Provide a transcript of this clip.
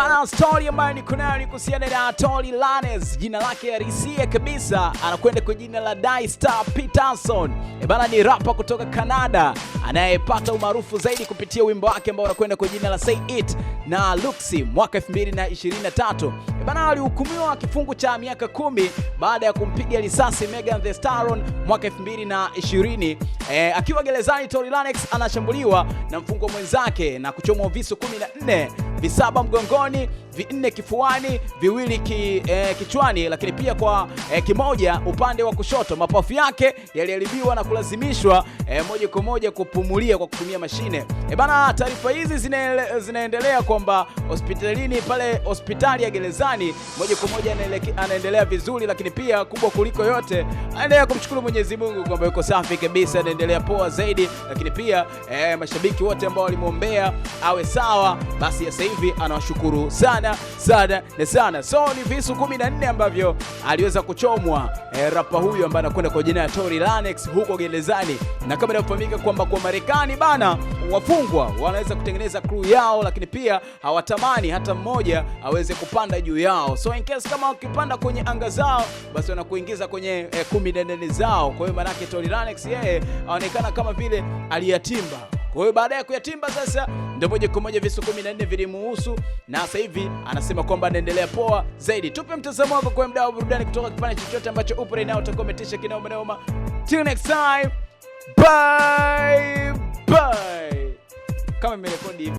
Bana, story ambayo niko nayo ni kuhusiana na Tory Lanez, jina lake halisia kabisa anakwenda kwa jina la Die Star Peterson. E bana, ni rapa kutoka Canada anayepata umaarufu zaidi kupitia wimbo wake ambao unakwenda kwa jina la Say It na Luxy mwaka 2023. E bana, alihukumiwa kifungo cha miaka kumi baada ya kumpiga risasi Megan Thee Stallion mwaka 2020. E, akiwa gerezani Tory Lanez anashambuliwa na mfungwa mwenzake na kuchomwa visu 14 visaba mgongoni vinne kifuani, viwili ki, eh, kichwani, lakini pia kwa eh, kimoja upande wa kushoto. Mapafu yake yaliharibiwa na kulazimishwa eh, moja kwa moja kupumulia kwa kutumia mashine. E bana, taarifa hizi zine, zinaendelea kwamba hospitalini pale hospitali ya gerezani moja kwa moja anaendelea vizuri, lakini pia kubwa kuliko yote anaendelea kumshukuru Mwenyezi Mungu kwamba yuko safi kabisa, anaendelea poa zaidi, lakini pia eh, mashabiki wote ambao walimwombea awe sawa, basi sasa hivi anawashukuru sana sana sana na sana. So ni visu 14 ambavyo aliweza kuchomwa eh, rapa huyu ambaye anakwenda kwa jina la Tory Lanez huko gerezani, na kama inafahamika kwamba kwa Marekani bana, wafungwa wanaweza kutengeneza crew yao, lakini pia hawatamani hata mmoja aweze kupanda juu yao. So in case kama ukipanda kwenye anga zao, basi wanakuingiza kwenye eh, kumi nene zao. Kwa hiyo manake Tory Lanez yeye aonekana kama vile aliyatimba kwa hiyo baada ya kuyatimba sasa ndio moja kwa moja visu 14 vilimuhusu na sasa hivi anasema kwamba anaendelea poa zaidi. Tupe mtazamo wako kwa mdau wa burudani kutoka kipande chochote ambacho upo right now, utakometisha kinao manoma. Till next time. Bye bye. Kama imerekodi